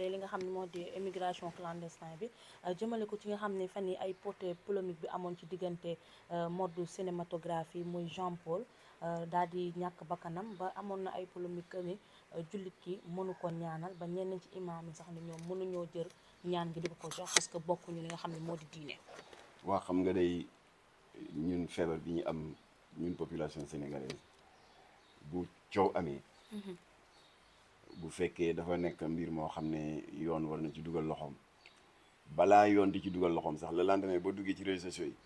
jàppale li nga xam ne moo di immigration clandestine bi euh, jëmale ko ci nga xam ne fan yi ay porté polémique bi amoon ci diggante euh, mode cinématographie muy Jean Paul euh, daal di ñàkk bakkanam ba amoon na ay polémique ni jullit ki mënu ko ñaanal ba ñenn ci imaam yi sax ni ñoom mënuñoo jël ñaan gi di ko jox parce que bokkuñu li nga xam ne moo di diine. waa xam nga day ñun feebar bi ñu am ñun population sénégalaise bu coow amee. Mhm. bu fekkee dafa nekk mbir moo xam ne yoon war na ci dugal loxoom balaa yoon di ci dugal loxoom sax le lendemain boo duggee ci réseaux sociaux yi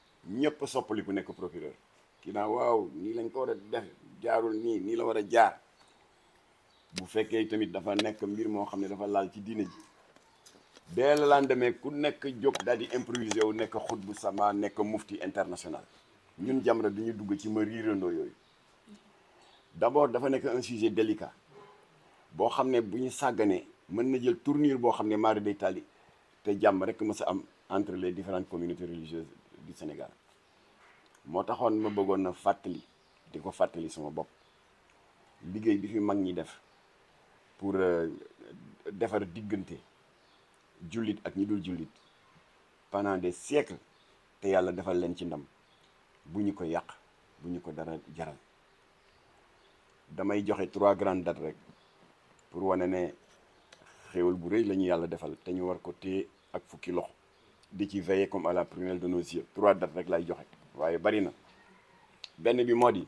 ñëpp soppaliku ku nekk procureur kii naa waaw nii lañ ko war a def jaarul nii nii la war a jaar bu fekkee tamit dafa nekk mbir moo xam ne dafa laal ci diine ji dès le lendemain ku nekk jóg daal di improvisé wu nekk xut bu sama nekk mufti international ñun Jamra du ñu dugg ci ma riirandoo yooyu d'abord dafa nekk un sujet délicat boo xam ne bu ñu sàgganee mën na jël tournure boo xam ne mari day tali te jàmm rek ma a am entre les différentes communautés religieuses du Sénégal moo taxoon ma bëggoon na fàttali di ko fàttali suma bopp liggéey bi fi mag ñi def pour euh, defar diggante jullit ak ñi dul jullit pendant de siècles te yàlla defal leen ci ndam bu ñu ko yàq bu ñu ko dara jaral damay joxe trois grandes dates rek pour wane ne xéewal bu rëy la ñu yàlla defal te ñu war ko téye ak fukki loxo di ci veiller comme à la prunelle de nos yeux trois dates rek lay joxe waaye bari na benn bi moo di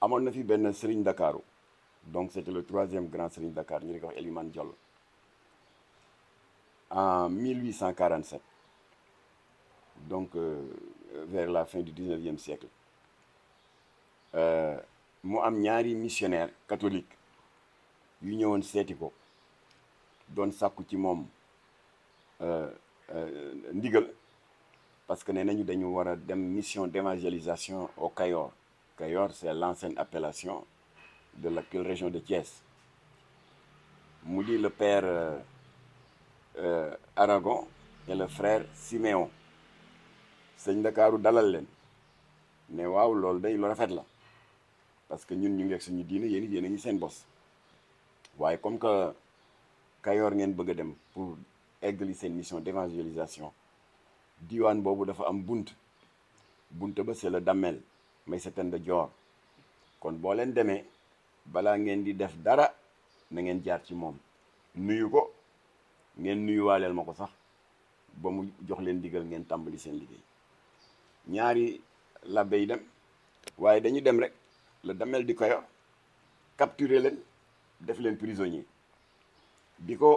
amoon na fi benn Serigne Dakaru donc c'était le troisième grand Serigne dakaar ñu di ko wax Eliman Diallo en 1847 donc euh, vers la fin du 19e siècle euh, mu am ñaari missionnaire catholique yu ñëwoon seeti ko doon sàkku ci moom euh, euh, ndigal parce que nee nañu dañu war a dem mission d'évangélisation au Kayor Kayor c'est l'ancienne appellation de la l'actuelle région de Thiès mu di le père euh, euh, Aragon et le frère Siméon sëñ Ndakaaru dalal leen ne waaw loolu day lu rafet la parce que ñun ñu ngi ak suñu diine yéen it yéen seen bos waaye comme que Kayoor ngeen bëgg a dem pour eggali seen mission d'évangélisation diwaan boobu dafa am bunt bunt ba c'est le dammel may sa de joor kon boo leen demee balaa ngeen di def dara na ngeen jaar ci moom nuyu ko ngeen nuyuwaaleel ma ko sax ba mu jox leen digal ngeen tàmbali seen liggéey ñaari labbe yi dem waaye dañu dem rek le dammel di Kayoor capturer leen def leen prisonnier bi ko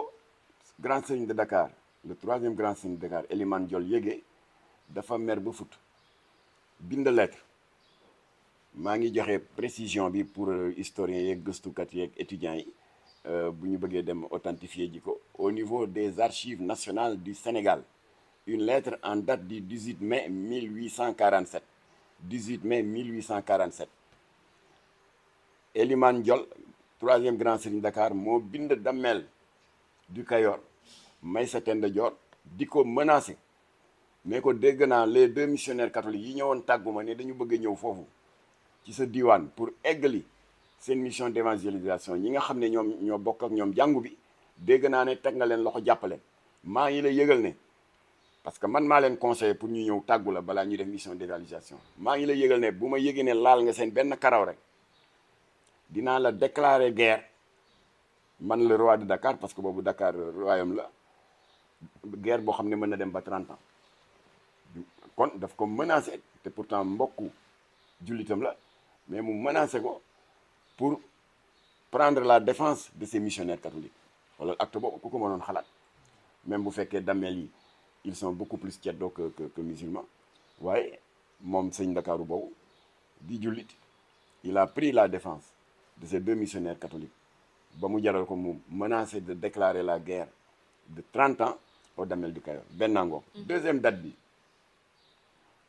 grand sëriñ de Dakar le troisième grand sëriñ de Dakar Eliman Diol yége dafa mer ba fut bind lettre maa ngi joxe précision bi pour euh, historiens yeeg gëstukat yeeg étudiants yi euh, bu ñu bëggee dem authentifier ji ko au niveau des archives nationales du Sénégal une lettre en date du 18 mai 1847 18 mai 1847 Eliman Diol troisième grand serigne Dakar moo bind dammel du Kayor Maysa Tend Joor di ko menacé mais ko dégg naa les deux missionnaires catholiques yi ñëwoon tàggu ma ne dañu bëgg ñëw foofu ci sa diwaan pour eggali seen mission d'évangélisation ñi nga xam ne ñoom ñoo bokk ak ñoom jàngu bi dégg naa ne teg nga leen loxo jàppale maa ngi lay yëgal ne parce que man maa leen conseillé pour ñu ñëw tàggu la balaa ñu def mission d'évangélisation maa ngi lay yëgal ne bu ma yëgee laal nga seen benn karaw rek dinaa la déclarer guerre man le roi de Dakar parce que boobu Dakar royaume la guerre boo xam ne mën na dem ba 30 ans kon daf ko menacé te pourtant mbokku jullitam la mais mu menacé ko pour prendre la défense de ces missionnaires catholiques wala acte boobu ku ko mënoon xalaat même bu fekkee dameel yi ils sont beaucoup plus ceddo que que que waaye moom sëñ Ndakaaru boobu di jullit il a pris la défense de ces deux missionnaires catholiques ba mu jaral ko mu menacé de déclarer la guerre de 30 ans au Damel du Kayor benn ngoog mm-hmm. deuxième date bi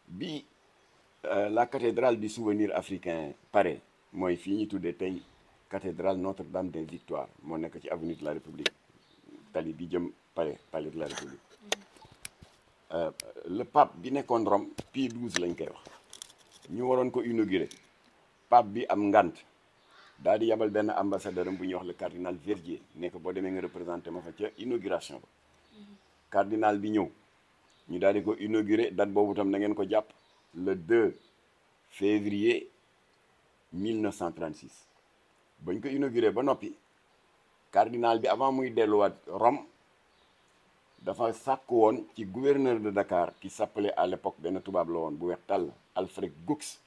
bi euh, la cathédrale du souvenir africain pare mooy fii ñu tuddee tey cathédrale Notre-Dame des Victoires moo nekk ci avenue de la République tali bi jëm pare palais de la République mm-hmm. euh, le pape bi nekkoon Rome Pie douze lañ koy wax ñu waroon ko inaugurer pape bi am ngant daal di yabal benn ambassadeur am bu ñuy wax le cardinal Verdier ne ko boo demee nga représenté ma fa ca inauguration ba cardinal bi ñëw ñu daal di ko inauguré date boobu tam na ngeen ko jàpp le 2 février 1936 bañ ko inauguré ba noppi cardinal bi avant muy delluwaat Rome dafa sàkk woon ci gouverneur de Dakar ki sappale à l'époque benn tubaab la woon bu weex tàll Alfred Goux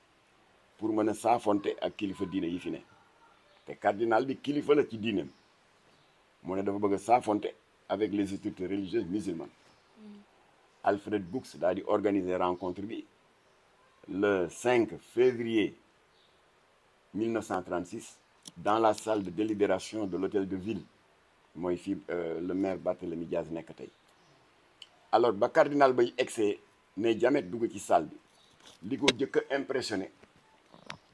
pour mën a saafonte ak kilifa diine yi fi ne te cardinal bi kilifa la ci diineem moo ne dafa bëgg a saafonte avec les autorités religieuses musulmanes mm. Alfred Brooks daal di organiser rencontre bi le 5 février 1936 dans la salle de délibération de l'hôtel de ville mooy fii euh, le maire Barthélemy Diaz nekk tey alors ba cardinal bay egsee ne jamet dugg ci salle bi li ko jëkk a impressionné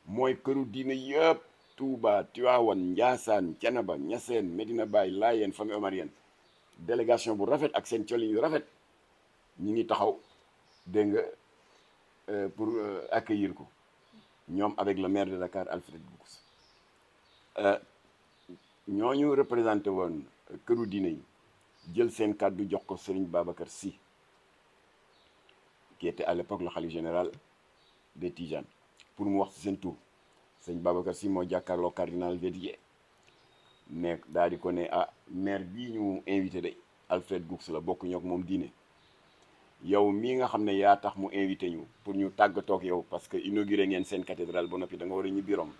mooy këru diine yëpp Touba Tiwaawan Njaasaan Canaba Ñaseen Medina Baay Laayeen famille omarienne délégation bu rafet ak seen colin yu rafet ñi ngi taxaw dégg nga euh, pour euh, accueillir ko ñoom avec le maire de Dakar Alfred Boukus euh, ñooñu représenté woon këru diine yi jël seen kàddu jox ko Serigne Babacar Sy qui était à l'époque le khalife général de Tidianes pour mu wax ci seen tur sëñ Babacar si moo jàkkaarloo cardinal Verdier nekk daal di ko ne ah maire bii ñu invité de Alfred Goux la bokk moom diine yow mii nga xam ne yaa tax mu invité ñu pour ñu tàggatoo ak yow parce que inauguré ngeen seen cathédrale ba noppi da war a ñu biroom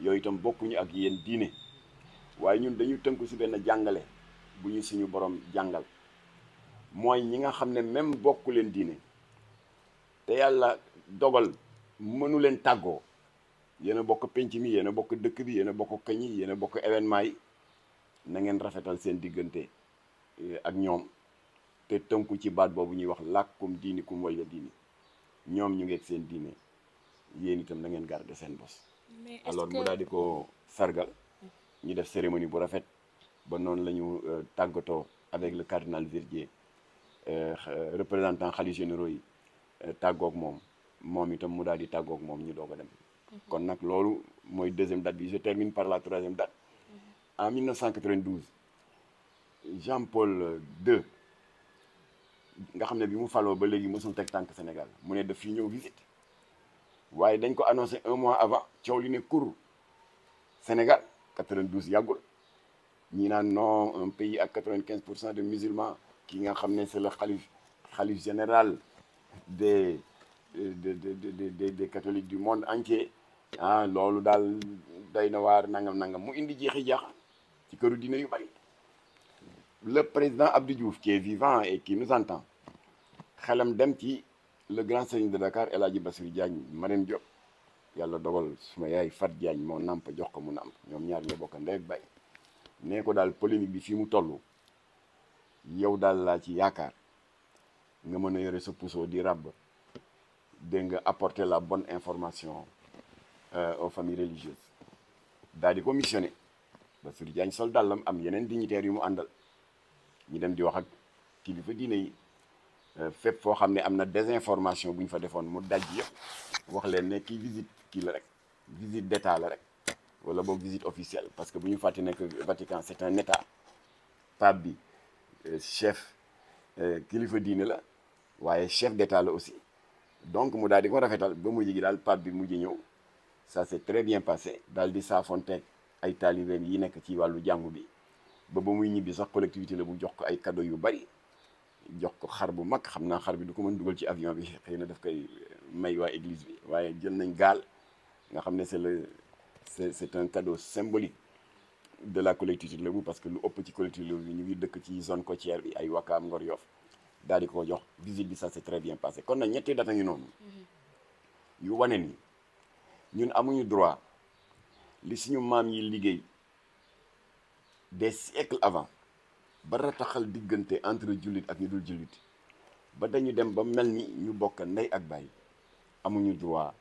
yooyu itam bokkuñu ak yéen diine waaye ñun dañu tënku si benn jàngale bu ñu suñu borom jàngal mooy ñi nga xam ne même bokku leen diine te yàlla dogal mënu leen tàggoo yéen a bokk penc mi yéen a bokk dëkk bi yéen a bokk kañ yi bokk événement yi na ngeen rafetal seen diggante eh, ak ñoom te tënku ci baat boobu ñuy wax làkkum diini kum way la diini ñoom ñu ngeeg seen diine yéen itam na ngeen garder seen bos alors mu daal di ko sargal ñu def cérémonie bu rafet ba noonu la ñu euh, tàggatoo avec le cardinal Verdier euh, représentant xali généraux yi euh, tàggook moom moom itam mu daal di tàggoog moom ñu doog a dem Mhm. kon nag loolu mooy deuxième date bi je termine par la troisième date mhm. en 1992 Jean-Paul II nga xam ne bi mu faloo ba léegi mësul teg tànk Sénégal mu ne daf fi ñëw visite waaye dañ ko annoncé un mois avant coow li ne kur Sénégal 92 yàggul ñi naan non un pays ak pour cent de musulmans ki nga xam ne c'est le xalif xalif général euh, des des des des des catholiques du monde entier ah loolu daal day na waar nangam nangam mu indi jeexi jaax ci këru dina yu bari le président abdu Diouf qui est vivant et qui nous xelam dem ci le grand sëriñ de Dakar El Hadji Bassirou Diagne Marème Diop yàlla dogal suma yaay Fat Diagne moo nàmp jox ko mu nàmp ñoom ñaar ñoo bokk ndey ak bay nee ko daal polémique bi fii mu toll yow daal laa ci yaakaar nga mën a yore sa puso di ràbb dégg nga apporter la bonne information Euh, au familles religieuses daal di ko missionné Bassirou Diagne sol dàllam am yeneen dignitaires yu mu àndal ñu dem di wax ak kilifa diine yi euh, fépp foo xam ne am na désinformation bu ñu fa defoon mu daj yëpp wax leen ne kii visite kii la rek visite d'état la rek wala boog visite officielle parce que bu ñu fàtte ne que Vatican c'est un état pape bi euh, chef kilifa diine la waaye chef d'état la aussi donc mu daal di ko rafetal ba mujj gi daal pape bi mujj ñëw. ça s'est très bien passé daal di saafonteeg ay taalibeem yi nekk ci wàllu jàngu bi ba ba muy ñibbi sax collectivité la bu jox ko ay cadeau yu bari jox ko xar bu mag xam naa xar bi du ko mën dugal ci avion bi xëy na daf koy may waaye église bi waaye jël nañ gaal nga xam ne c'est le c'est c'est un cadeau symbolique de la collectivité Lebu parce que lu ëpp ci collectivité Lebu bi ñu ngi dëkk ci zone côtière bi ay Wakaam Ngor Yoff daal di ko jox visite bi sa s'est très bie passé kon nag ñetti data ngi noonu mm-hmm. yu ni ñun amuñu droit li suñu maam yi liggéey de siècles avant ba rataxal diggante entre jullit ak ñu dul jullit ba dañu dem ba mel ni ñu bokk ndey ak baay amuñu droit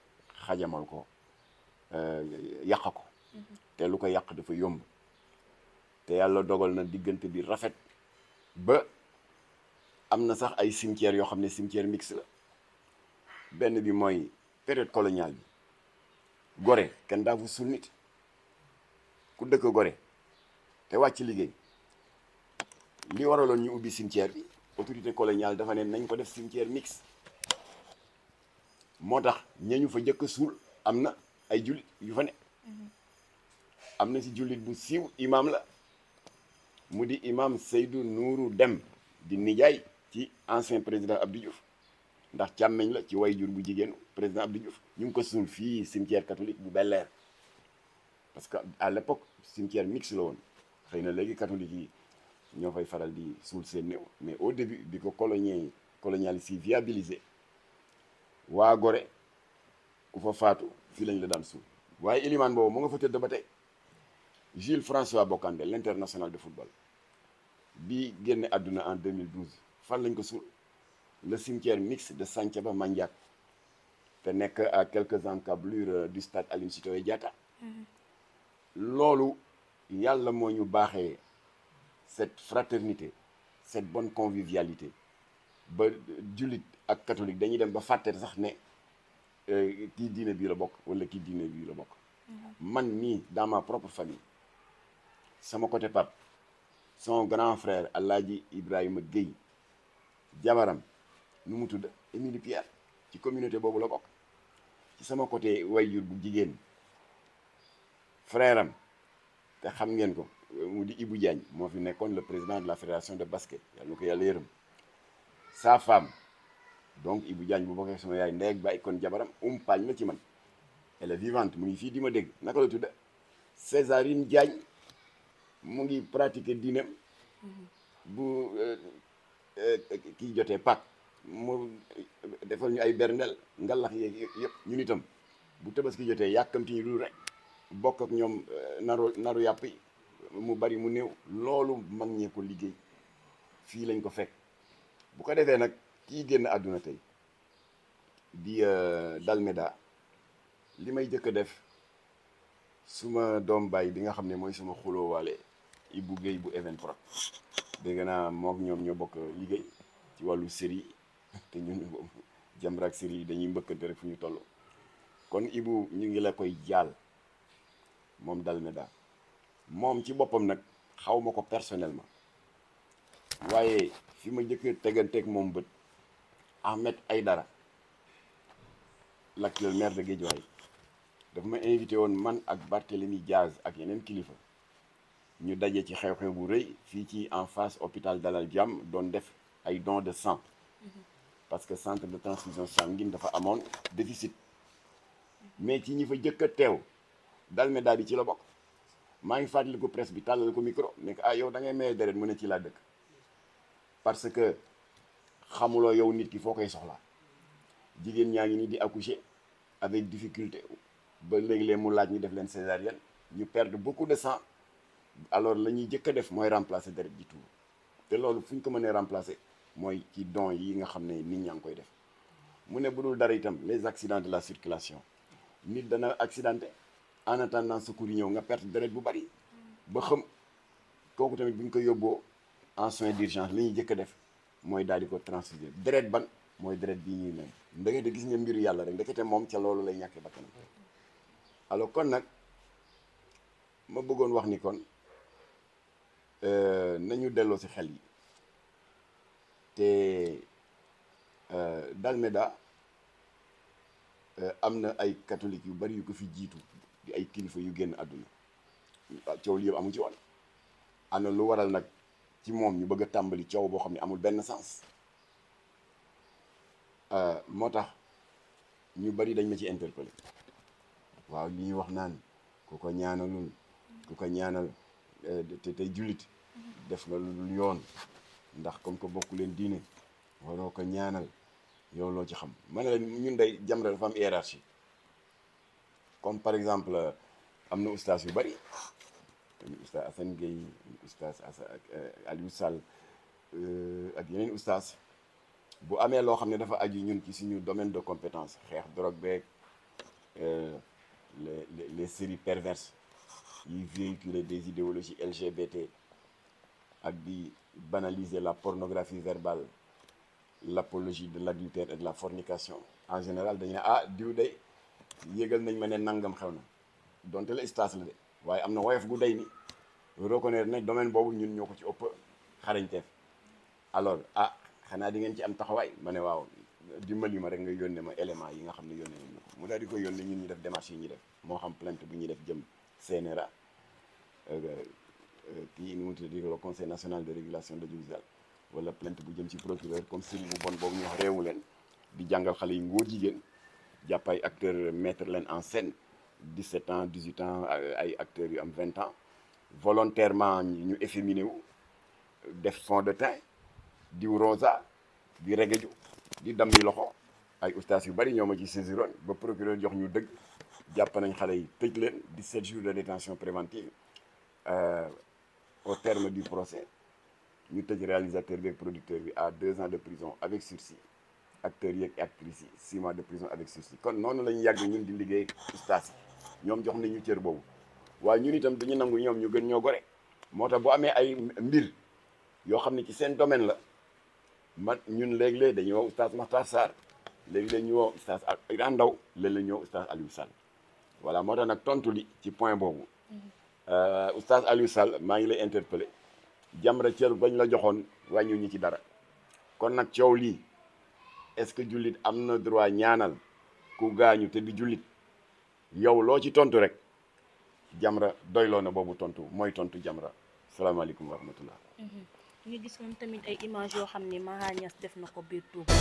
xajamal ko euh, yàq ko mm-hmm. te lu ko yàq dafa yomb te yàlla dogal na diggante bi rafet ba am na sax ay cimetières yoo xam ne cimetière mixte la benn bi mooy période coloniale bi gore kenn daafu suul nit ku dëkk gore te wàcc liggéey li waraloon ñu ubbi cimetière bi autorité coloniale dafa ne nañ ko def cimetière mixte moo tax ñañu fa njëkk suul am na ay jullit yu fa ne mhm. am na si jullit bu siiw imaam la mu di imaam Seydou Nourou Dem di nijaay ci ancien président Abdou ndax càmmeñ la ci way jur bu jigéen président Abdou Diouf ñu ngi ko suul fii cimetière catholique bu Bel-Air parce que à l'époque cimetière mixte la woon xëy na léegi catholique yi ñoo fay faral di suul seen néew mais au début bi ko colonie colonialiste yi viabilisé waa gore ku fa faatu fii lañ la daan suul waaye ilimaan boobu mu nga fa tëdd ba tey Jules François Bocandé l'international de football bi génne àdduna en 2012 fan lañ ko suul le cimetière mixte de Santhiaba Mandiat te nekk à quelques encablures euh, du stade Aline Sitoé Diatta mhm. loolu yàlla moo ñu baaxee cette fraternité cette bonne convivialité ba jullit ak catholique dañuy dem ba fàtte sax ne euh, kii diine bii la bokk wala kii diine bii la bokk mhm. man mii daama ma propre famille sama côté pap son grand frère Alaaji Ibrahima Guèye jabaram nu mu tudd Émilie Pierre ci communauté boobu la bokk ci sama côté way jur bu jigéen frère te xam ngeen ko mu di Ibou jaañ moo fi nekkoon le président de la fédération de basket yàlla nu ko yàlla yërëm sa femme donc Ibou Diagne bu bokkee sama yaay ndey ak baay kon jabaram umpaañ la ci man elle est mu ngi fii di ma dégg naka la tudd Césarine Diagne mu ngi pratiquer diinam mhm. bu euh, euh, kii jotee Pâques mu defal ñu ay berndel ngalax yeeg yëpp ñu itam bu tabaski jotee yàkkamti ñu dul rek bokk ak ñoom eh, naru naru yàpp mu bari mu néew loolu mag ñee ko liggéey fii lañ ko fekk bu ko defee nag kii génn àdduna tey di eh, dalmeda li may jëkk a def suma doom baay bi nga xam ne mooy suma xuloowaale Ibou Guèye bu Evenprod dégg naa mook ñoom ñoo bokk liggéey ci wàllu série te ñun Jamra ak Siri dañuy mbëkkante rek fu ñu toll kon Ibou ñu ngi la koy jaal moom dal Dalméda moom ci boppam nag xaw ma ko personnellement waaye fi ma njëkk a teganteeg moom bët Ahmed Aïdara l'actuel mer de Guédiawaye dafa ma invité woon man ak Barthélémy Diaz ak yeneen kilifa ñu daje ci xew-xew bu rëy fii ci en face hôpital Dalal Jàmm doon def ay don de sang. Mm-hmm. parce que centre de transfusion sanguine dafa amoon déficit mais ci ñi fa jëkk a teew dal me daal di ci la bokk maa ngi fàttaliku presse bi tàllal ko micro ne ah yow dangay ngay maye deret mu ne ci laa dëkk parce que xamuloo yow nit ki foo koy soxla jigéen ñaa ngi nii di accoucher avec difficulté ba léeg-léeg mu laaj ñu def leen césarienne ñu perde beaucoup de sang alors la ñuy jëkk a def mooy remplacer deret ji tuur te loolu fu ñu ko mënee remplacer. mooy ci don yi nga xam ne nit ñaa ngi koy def mu ne bu dul dara itam les accidents de la circulation nit dana accidenté en attendant secours yi ñëw nga perte deret bu bari ba xam kooku tamit bu ñu ko yóbboo en soins d'urgence li ñuy jëkk a def mooy daal ko transfuser deret ban mooy deret bi ñuy mel ndekete gis nga mbiru yàlla rek ndekete moom ca loolu lay ñàkkee bakkanam alors kon nag ma bëggoon wax ni kon euh, nañu delloo si xel yi te euh, dalmeda euh, am na ay catholique yu bari yu ko fi jiitu di ay kilifa yu génn àdduna ah, coow li yëpp amu ci woon ana lu waral nag ci moom ñu bëgg a tàmbali coow boo xam ne amul benn sens euh, moo tax ñu bari dañ ma ci interpellé waaw li ñuy wax naan ku ko ñaanalul ku ko ñaanal te tey jullit def nga lu dul yoon ndax comme ko bokk leen diine waroo ko ñaanal yow loo ci xam ma ne leen ñun day Jamra dafa am hiérarchie comme par exemple am na ustaas yu bari am ustaas Assane Gueye ustaas euh, Aliou Sall euh, ak yeneen ustaas bu amee loo xam ne dafa aju ñun ci suñu domaine de compétence xeex drogue beeg euh, les les séries perverses yi véhiculer des idéologies LGBT ak bi banaliser la pornographie verbale l'apologie de la et de la fornication en général dañu ne ah diw day yégal nañ ma ne nangam xew na donte la stage la de waaye am na woyof gu dey ni reconnaître nañ domaine boobu ñun ñoo ko ci ëpp xarañteef alors ah xanaa di ngeen ci am taxawaay ma ne waaw dimbali ma rek nga yónnee ma élément yi nga xam ne yónnee mu daal di ko yónnee ñun ñu def démarche yi ñuy def moo xam plainte bu ñuy def jëm CNRA Euh, kii nu mu tudd le conseil national de régulation de l'audiovisuel wala plainte bu jëm ci procureur comme série bu bon boobu ñu wax réewu leen di jàngal xale yi ngóor jigéen jàpp ay acteurs mettre leen en scène 17 ans 18 ans euh, ay acteurs yu am 20 ans volontairement ñu efféminé wu def fond de teint diw rosa di regeju di dam loxo ay ustaas yu bari ñoo ma ci saisiroon ba procureur jox ñu dëgg jàpp nañ xale yi tëj leen 17 jours de détention préventive euh, au terme du procès ñu tëj réalisateur bi ak producteur bi à deux ans de prison avec sursis acteurs yi ak actrices de prison avec sursis kon noonu lañu yàgg ñun di liggéey ustaas ñoom jox nañu cër boobu waaye ñun itam dañu nangu ñoom ñu gën ñoo gore moo tax bu amee ay mbir yoo xam ne ci seen domaine la man ñun léeg-léeg dañuy woo ustaas Makhtar Sarr léegi-léeg ñu woo ustaas Iran Ndaw léeg-léeg ñu woo ustaas voilà moo tax nag tontu li ci point boobu mm-hmm. Euh, oustaz Aliou Sall maa ngi lay interpellé Jamra cër bañ la joxoon wàññu ñi ci dara kon nag coow lii est-ce que jullit am na droit ñaanal ku gaañu te di jullit yow loo ci tontu rek Jamra doyloo na boobu tontu mooy tontu Jamra salaamaaleykum wa rahmatullah mm-hmm. ñu yoo xam ne Mara Niass def ko biir Touba